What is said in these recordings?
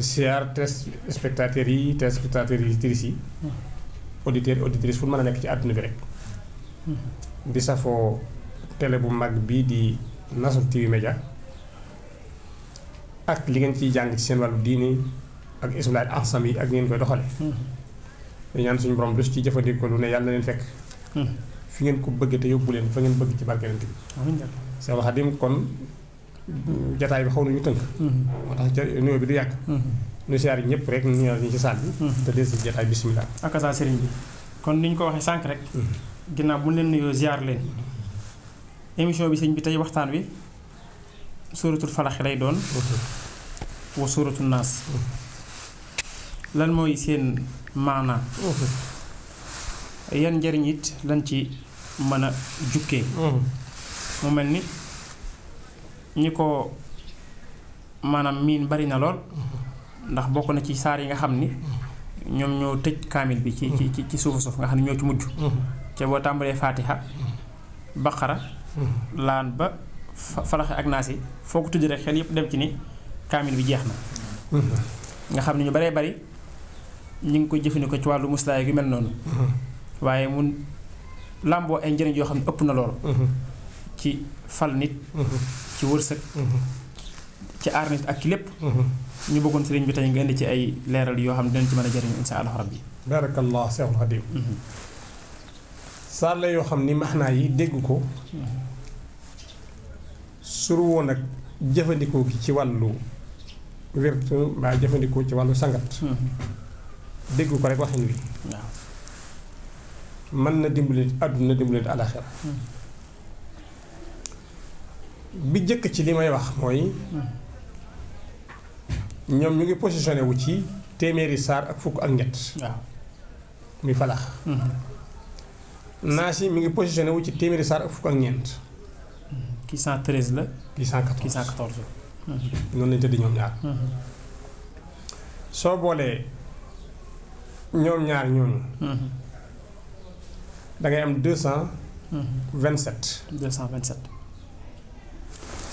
tes spectateur yi spectateur yi tirisi hmm. auditeur auditeur fu meuna nek ci aduna bi rek hmm. di safo télé bu mag bi di Nasrou TV media ak li ngeen ci jang ci seen walu diini ak islaam ahsam yi ak ngeen koy doxale hmm. dañu ñaan suñu borom dus ci jëfandikoo lu ne yalla leen fekk fi ngeen ko bëgg te yóbbu leen fa ngeen bëgg ci barkeelante bi Seex Xaadim kon jataay bi xaw nañu tënk. Mm-hmm. moo tax ca nuyoo bi du yàgg. Mm-hmm. nu siyaar ñëpp rek ñu ñëwaat ñu ci saal mm-hmm. te des jataay bisimilah. akasa sëriñ bi kon ni ñu ko waxee sànq rek. ginnaaw bu ñu leen nuyoo ziar leen. émission bi sëñ bi tey waxtaan wi suuratul falax lay doon. wa suuratul naas. lan mooy seen maanaa. yan njëriñ it lan ci mën a jukkee. mu mel ni. ñi ko maanaam miin bari na lool ndax bokk na ci saar yi nga xam ni ñoom ñoo tëj kaamil bi ci ci ci suufu suuf nga xam ne ñoo ci mujj te boo tàmbalee faatiha baqara laan ba falaxe ak naasi foo ko tudd rek xel yëpp dem ci ni kaamil bi jeex na nga xam ne ñu baree bari ñu ngi koy jëfandikoo ci wàllu muslaay yu mel noonu waaye mun làmboo ay njëriñ yoo xam ne ëpp na loolu ci fal nit ci wërsëg ci aar nit ak ci lépp ñu bëggoon sëriñ bi tey nga indi ci ay leeral yoo xam ne dinañ ci mën a jëriñu insha allah rabbi barakallah seexul xadim saar la yoo xam ni maxnaa yi dégg ko suru woon ak jëfandikoo gi ci wàllu wértu mbaa jëfandikoo ci wàllu sangat dégg ko rek waxin wi mën na dimbali àdduna dimbali àlaxira bi jëkk ci li may wax mooy ñoom ñu ngi positionné wu ci téeméeri saar ak fukk ak ñett. waaw muy falax. Mm-hmm. naas yi mu ngi positionné wu ci téeméeri saar ak fukk ak ñeent. kii mm-hmm. 113 la. kii 114 kii 114. noonu lañ tëdd ñoom ñaar. Mm-hmm. soo boolee ñoom ñaar ñooñu. da ngay am 227. 227.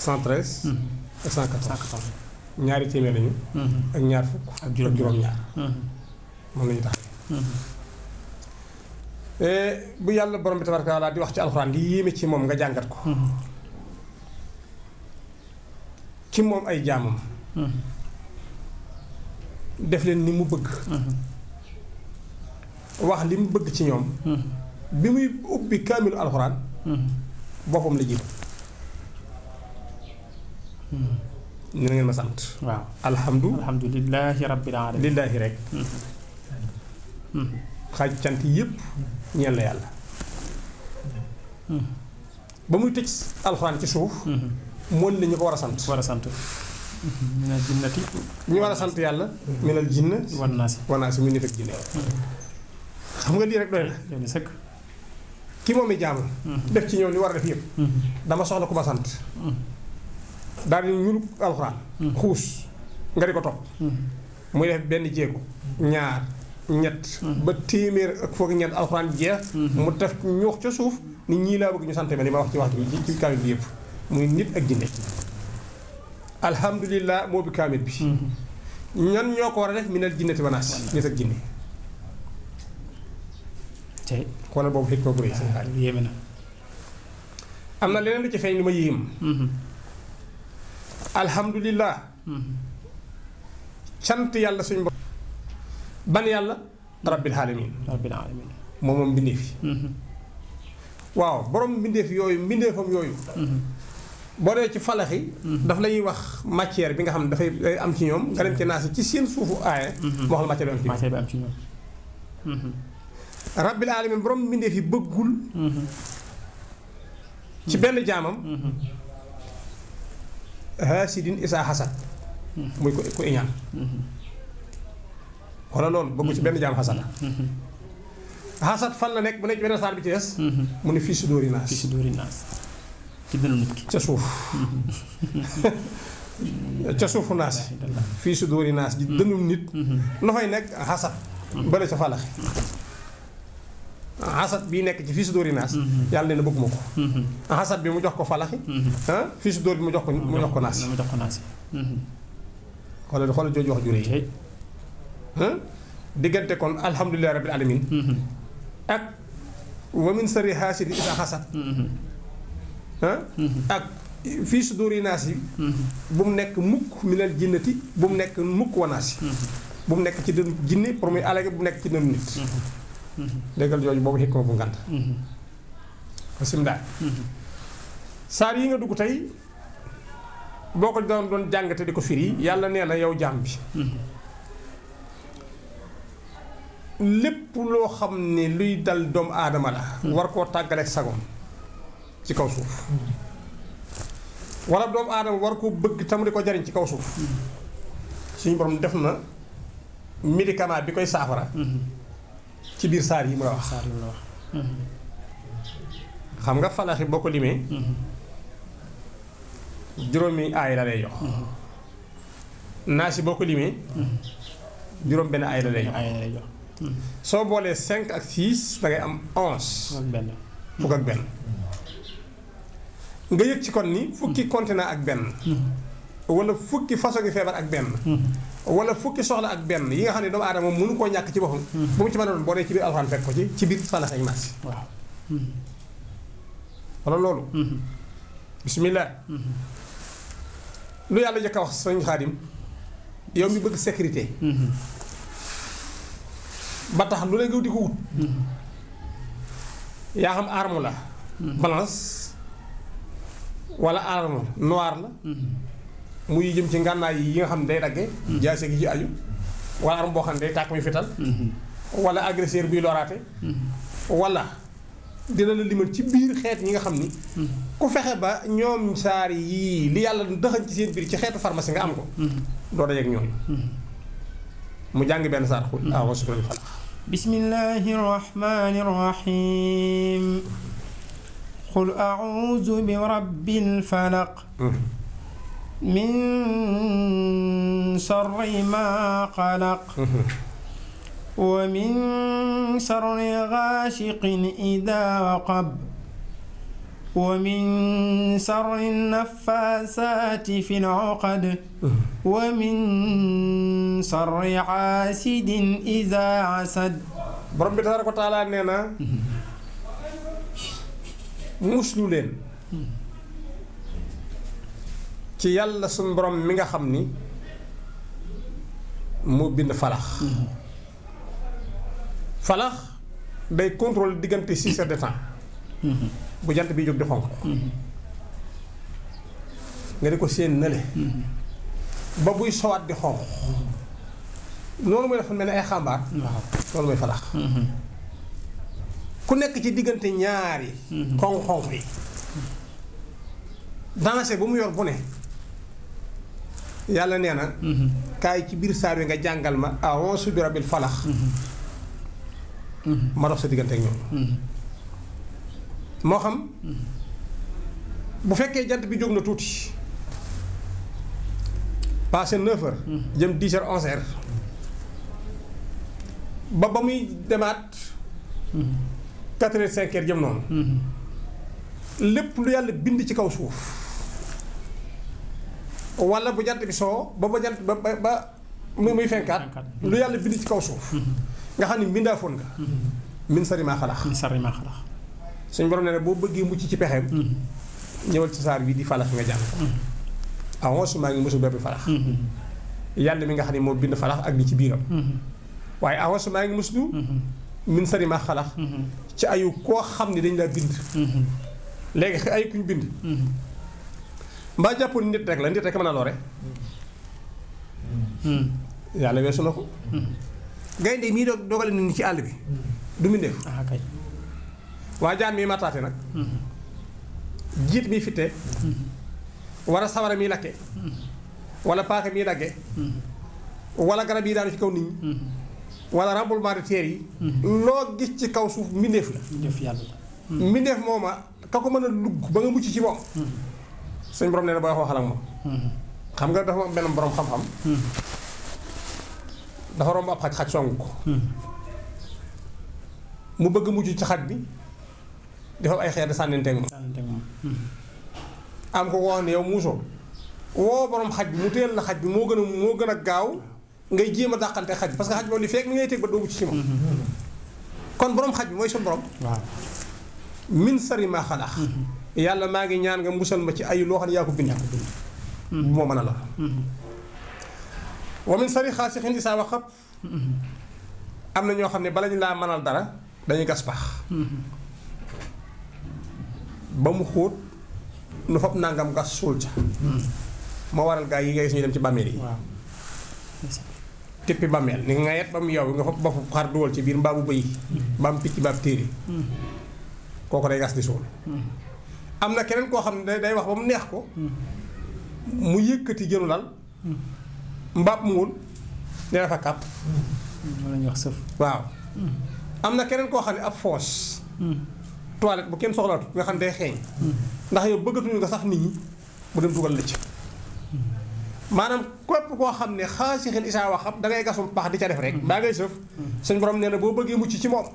113. ak 114 ñaari téeméer lañu. Mm-hmm. ak ñaar fukk ak juróom-ñaar. Mm-hmm. moom la ñu mm-hmm. eh, bu yàlla borom bi tabaraka taala di wax ci alxuraan di yéeme ci moom nga jàngat ko. ci moom ay jaamam. def leen ni mu bëgg. wax li bëgg ci ñoom. bi muy ubbi kaamilu alxuraan. boppam la jiitu. ñu ngeen ma sant. waaw alhamdu alhamdulilahi rabbil alamin lillaahi rek. xaaj cant yëpp ñeel na yàlla. ba muy tëj alxuraan ci suuf. moo ne ñu ko war a sant. war a sant. minal jinnati. ñu war a sant yàlla. minal jinna. wannaasi wannaasi mu nit jinne xam nga lii rek doy na. sëkk. ki moom i jaam. def ci ñoom li war a def yëpp. dama soxla ku ma sant. daal di ñuru alxuraan hmm. xuus nga di ko topp hmm. muy def benn jéego ñaar ñett hmm. ba téeméer ak foog ñett alxuraan jeex mu def ñuux ca suuf ni ñii laa bëgg ñu sant ma li ma wax ci wax ci yëpp muy nit ak jinne alhamdulilah moo bi kaamil bi ñan ñoo ko war a def minal jinnati wanaas nit ak jinne tey na am na leneen lu ci feeñ lu ma yéem alhamdulillah cant yàlla suñ bopp ban yàlla rabbil alamin rabbil alamin moomoom mbindeef yi waaw borom mbindeef yooyu mbindeefam yooyu boo dee ci falax yi daf lañuy wax matière bi nga xam ne dafay day am ci ñoom nga dem ci naas ci seen suufu aaye moo xam matière bi am ci ñoom rabbil alamin borom mbindeef yi bëggul ci benn jaamam haasidin isaa xasad muy ko ku iñaan wala loolu bëggu ci benn jaam xasad xasad fan la nekk bu nekk ci benn saar bi ci des mu ne fii si dóori naas naas ci dënnu ca suuf ca suufu naas fii si dóori naas ji dënnu nit lu mhm. fay nekk xasad bële ca falaxe xasat bii nekk ci fii su dóori naas yàlla nee na bëgguma ko xasat bi mu jox ko falaxi fii su dóor bi mu jox ko mu jox ko naas xoolal xoolal jooju wax jure yi diggante kon alhamdulillahi rabbil alamin ak wa min sari haasidi isa xasat ak fii su dóori naas yi bu mu nekk mukk minal jinnati bu mu nekk mukk wa bu mu nekk ci dënn jinne pour muy bu mu ci dënn nit déggal jooju boobu xikma bu ngant bismillah saar yi nga dugg tey boo ko doon doon jàngate di ko firi yàlla nee na yow jaam bi lépp xam ne luy doomu aadama la war koo tàggalee sagoom ci kaw suuf wala doomu aadama war koo bëgg tam di ko jariñ ci kaw suuf suñu borom def na médicament bi koy saafara ci bir sar yi mu wax sar yi mu la wax xam nga falaxi boko limé juromi ay la lay jox nasi boko naasi boo ko limee juróom benn ay la lay jox so bolé 5 ak 6 da ngay am 11 ben fuk ak ben nga yek ci kon ni fukki continent ak ben wala fukki façon gi feebar ak ben wala fukki soxla ak benn yi nga xam ne doomu aadama mënu koo ñàkk ci boppam hmm. bu mu ci mën a doon boo dee ci biir alxuraan fekk ko ci ci biir falax ak naas waaw hmm. wala loolu hmm. lu yàlla jëkk wax sëñ Xaadim yow bëgg sécurité ba tax di ko wut yaa la balance wala arme noire la muy jëm ci ngànnaay yi nga xam ne day dagge mm-hmm. jaase gi ci aju wala arme boo xam ne day tàkk mi fital mm-hmm. wala agresseur buy loraate mm-hmm. wala dina la limal ci biir xeet ñi nga xam ni ku fexe ba ñoom saar yii li yàlla dëxañ ci seen biir ci xeetu pharmacie nga am ko doo dajeek ñooñu mu jàng benn saar xul ah wasukran falax bismillahi rahmani rahim qul a'udhu bi rabbil falaq من شر ما قلق ومن شر غاشق إذا وقب ومن شر النفاسات في العقد ومن شر حاسد إذا عسد بربي تبارك وتعالى نينا taala nee ci yàlla suñ borom mi nga xamni mo bind falax falax day contrôle diganté six heures de temps bu jant bi jóg di xonq nga diko seen nële ba buy sowat di xonq noonu moy dafa mel ay xàmbaar loolu moy falax ku nek ci diganté ñaari xonq xonq yi dansé bu mu yor bu ne yàlla nee na. Mhm. kaay ci biir saar bi nga jàngal ma a'uuzu bi rabbil falax. Mhm. Mhm. ma dox sa diggante ñoom. moo xam. bu fekkee jant bi jóg na tuuti. passé 9 heures. jëm 10 heures 11 heures. ba ba muy demaat. 4 heures 5 heures jëm noonu. lépp lu yàlla bind ci kaw suuf. wala bu jant bi soo ba ba jant ba ba muy fenkaat lu yàlla bind ci kaw suuf nga xam ne mbindaafoon nga min sari maa xalax min sari maa xalax suñ borom ne ne boo bëggee mucc ci pexeem hmm. ñëwal ci saar bi di falax nga jàng ko hmm. awon ah, maa ngi mosul bépp falax hmm. yàlla mi nga xam ne moo bind falax ak li ci biiram waaye awon ah, su maa ngi muslu min sari maa xalax ci ayu koo xam ne dañ laa bind léegi ay kuñ bind mbaa jàppoon nit rek la nit rek mën a loore hmm. yàlla weesu na ko hmm. gaynde mii doog dogale nit ñi ci àll bi hmm. du mu ndéef ah, waa jaan mii mataate nag jiit mii fittee wala sawara mii lakke wala paaka mii dagge wala garab yi daanu ci kaw nit ñi wala remboulement de terre yi loo gis ci kaw suuf mbindeef la mbindeef mooma ka ko mën a lugg ba nga mucc ci moom suñ borom nee na booy waxal ak moom. Mm-hmm. xam nga dafa am benn borom xam-xam. Mm-hmm. dafa romb ab xaj xaj songu ko. Mm-hmm. mu bëgg mujj ci xaj bi dafa ay xeer di sànnanteeg am ko ko wax ne yow muusoo woo borom xaj bi mu teel la xaj bi moo gën a moo gën gaaw ngay jéem a dàqante xaj bi parce que xaj boobu li fekk mi ngay teg ba doogu ci si moom. kon boroom xaj bi mooy suñu borom. waaw min sari maa xalaax. yàlla maa ngi ñaan nga musal ma ci ay loo xam ne yaa ko bind bu mm-hmm. ma mën a la mm-hmm. wa min sari xaasixin isaa waxab mm-hmm. am na ñoo xam ne bala ñu laa mënal dara dañuy gas pax ba mu xóot nu fab nangam gas suul ca ma waral gaa yi nga gis ñu dem ci bàmmeel yi tippi bàmmeel ni nga yet ba mu yow nga fab ba xar duwal ci biir mbaabu bëy mbaam picc mbaam téere kooku day gas di suul am na keneen koo xam ne day wax ba mu neex ko mu yëkkati jënu lal mbaab mu wul ne dafa kàpp wax sëf waaw am na keneen koo xam ne ab foos toilette bu kenn soxlaatu nga xam ne day xeeñ ndax yow bëggatuñu nga sax nit ñi bu dem dugal la ci maanaam képp koo xam ne xaasixil isaa wax xam da ngay gasum pax di ca def rek mm-hmm. baa ngay sëf mm-hmm. suñ borom nee na boo bëggee mucc ci moom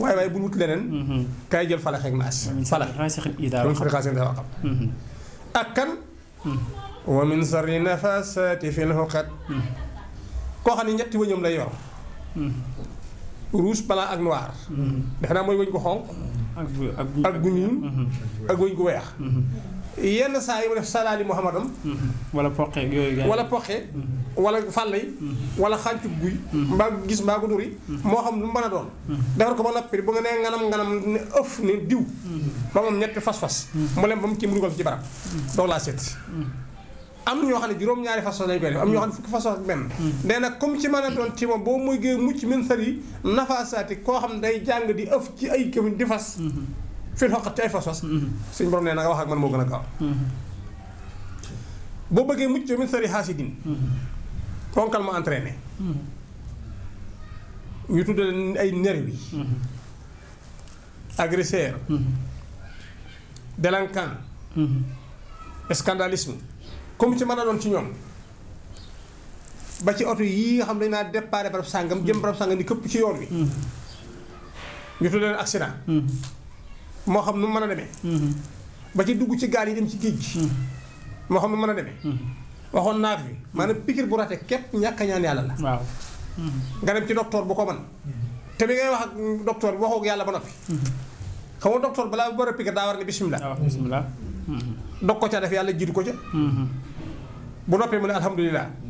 waaye waaye bu ñu wut leneen. Mhm. kaay jël falax ak naas. falax mhm. ak kan. Mhm. wa min sarri nafasaati fil uqad koo xam ne ñetti wëñam lay yor. rouge blanc ak noir. defe naa mooy wëñ gu xonq. ak gu ñuul ak wëñ gu weex. yenn saa yi mu def salaali muhammadam wala poqe yooyu wala poqe wala fàll yi wala xàncu guy mbaa gis mbaa dur yi moo xam lu mu a doon defar ko ba noppi bu nga nee nganam nganam ne ëf ne diw ba moom ñetti fas-fas mu lem ba mu kii mu dugal ci barab doog laa seet am ñoo xam ne juróom-ñaari façon lañ koy def am ñoo xam ne fukki façon benn nee nag comme ci mën a doon ci moom boo muy gee mucc min sar yi nafaasaati koo xam ne day jàng di ëf ci ay këmiñ di fas fil xoqat ci ay fas-fas mm-hmm. suñ borom nee na wax ak man moo gën a gaaw mm-hmm. boo bëggee mucc min sari xaasidin ponkal mm-hmm. ma entraîné ñu tuddee ay nervi agresseur délinquant scandalisme comme ci mën a doon ci ñoom ba ci oto yii nga xam dañ naa déparé barab sàngam jëm barab sàngam ni këpp ci yoon wi ñu tuddee accident moo xam nu mën a demee. Mm-hmm. ba ci dugg ci gaal yi dem ci géej gi. Mm-hmm. moo xam nu mën a deme mm-hmm. waxoon naa fi maanaam pikir bu rate képp ñàkk ñaan yàlla la. waaw. nga dem ci docteur bu ko man te bi ngay wax ak docteur bi waxoo yàlla ba noppi. xam nga docteur balaa bu war a pikir daa war ne bisimilah. waaw bisimilah. dog ko ca def yàlla jiitu ko ca. bu noppee mu ne alhamdulilah.